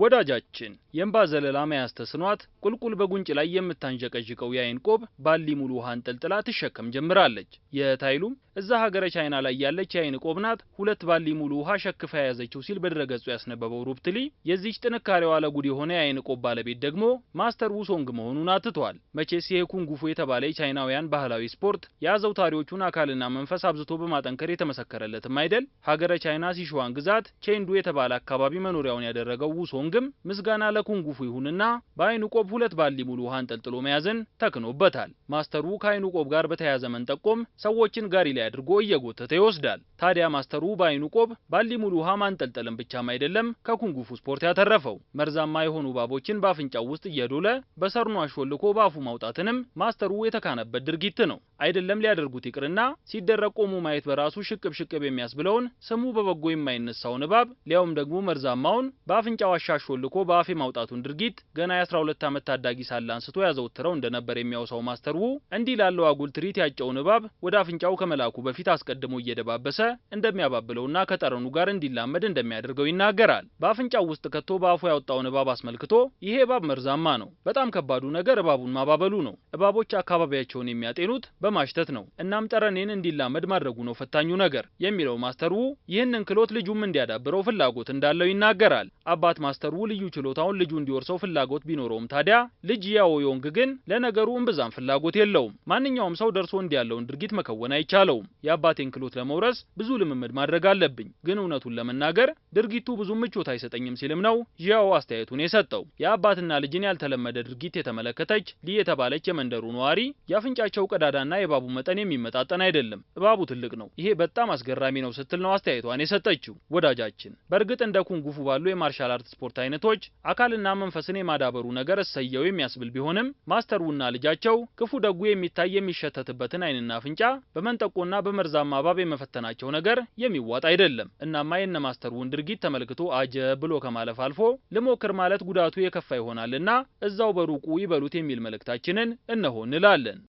ወዳጃችን የእንባ ዘለላ መያዝ ተስኗት ቁልቁል በጉንጭ ላይ የምታንዠቀዥቀው የአይን ቆብ ባሊ ሙሉ ውሃ አንጠልጥላ ትሸከም ጀምራለች። የታይሉም እዛ ሀገረ ቻይና ላይ ያለች የአይን ቆብ ናት ሁለት ባሊ ሙሉ ውሃ ሸክፋ የያዘችው ሲል በድረገጹ ያስነበበው ሩፕትሊ የዚች ጥንካሬዋ አለጉድ የሆነ የአይን ቆብ ባለቤት ደግሞ ማስተር ውሶንግ መሆኑን አትቷል። መቼስ ይሄ ኩንጉፉ የተባለ የቻይናውያን ባህላዊ ስፖርት የአዘውታሪዎቹን አካልና መንፈስ አብዝቶ በማጠንከር የተመሰከረለትም አይደል? ሀገረ ቻይና ሲሽዋን ግዛት ቼንዱ የተባለ አካባቢ መኖሪያውን ያደረገው ውሶንግም ምስጋና ለኩንጉፉ ይሁንና በአይኑ ቆብ ሁለት ባሊ ሙሉ ውሃ አንጠልጥሎ መያዝን ተክኖበታል። ማስተሩ ከአይኑ ቆብ ጋር በተያያዘ መንጠቆም ሰዎችን ጋሪ ላይ አድርጎ እየጎተተ ይወስዳል። ታዲያ ማስተሩ በአይኑ ቆብ ባሊ ሙሉ ውሃ ማንጠልጠልም ብቻም አይደለም ከኩንጉፉ ስፖርት ያተረፈው መርዛማ የሆኑ እባቦችን በአፍንጫው ውስጥ እየዶለ በሰርኑ አሾልኮ በአፉ ማውጣትንም ማስተሩ የተካነበት ድርጊት ነው። አይደለም ሊያደርጉት ይቅርና ሲደረግ ቆሞ ማየት በራሱ ሽቅብ ሽቅብ የሚያስብለውን ስሙ በበጎ የማይነሳውን እባብ ሊያውም ደግሞ መርዛማውን በአፍንጫው አሻሽሎ ልኮ በአፍ የማውጣቱን ድርጊት ገና የ12 ዓመት ታዳጊ ሳለ አንስቶ ያዘውትረው እንደነበር የሚያውሳው ማስተር ዉ እንዲህ ላለው አጉል ትርኢት ያጨውን እባብ ወደ አፍንጫው ከመላኩ በፊት አስቀድሞ እየደባበሰ እንደሚያባብለውና ከጠረኑ ጋር እንዲላመድ እንደሚያደርገው ይናገራል። በአፍንጫው ውስጥ ከቶ በአፉ ያወጣውን እባብ አስመልክቶ ይሄ እባብ መርዛማ ነው፣ በጣም ከባዱ ነገር እባቡን ማባበሉ ነው። እባቦች አካባቢያቸውን የሚያጤኑት በ በማሽተት ነው። እናም ጠረኔን እንዲላመድ ማድረጉ ነው ፈታኙ ነገር የሚለው ማስተር ዉ ይህንን ክሎት ልጁም እንዲያዳብረው ፍላጎት እንዳለው ይናገራል። አባት ማስተር ዉ ልዩ ችሎታውን ልጁ እንዲወርሰው ፍላጎት ቢኖረውም ታዲያ ልጅ ያዎ ዮንግ ግን ለነገሩ እምብዛም ፍላጎት የለውም። ማንኛውም ሰው ደርሶ እንዲያለውን ድርጊት መከወን አይቻለውም። የአባቴን ክሎት ለመውረስ ብዙ ልምምድ ማድረግ አለብኝ፣ ግን እውነቱን ለመናገር ድርጊቱ ብዙ ምቾት አይሰጠኝም ሲልም ነው ዢያዎ አስተያየቱን የሰጠው። የአባትና ልጅን ያልተለመደ ድርጊት የተመለከተች ሊ የተባለች የመንደሩ ነዋሪ የአፍንጫቸው ቀዳዳና የእባቡ መጠን የሚመጣጠን አይደለም። እባቡ ትልቅ ነው፣ ይሄ በጣም አስገራሚ ነው ስትል ነው አስተያየቷን የሰጠችው ወዳጃችን። በእርግጥ እንደ ኩንጉፉ ባሉ የማርሻል አርት ስፖርት አይነቶች አካልና መንፈስን የማዳበሩ ነገር እሰየው የሚያስብል ቢሆንም ማስተር ውና ልጃቸው ክፉ ደጉ የሚታይ የሚሸተትበትን አይንና አፍንጫ በመንጠቆና በመርዛማ እባብ የመፈተናቸው ነገር የሚዋጥ አይደለም። እናማ የነ ማስተር ውን ድርጊት ተመልክቶ አጀ ብሎ ከማለፍ አልፎ ልሞክር ማለት ጉዳቱ የከፋ ይሆናልና እዛው በሩቁ ይበሉት የሚል መልእክታችንን እነሆ እንላለን።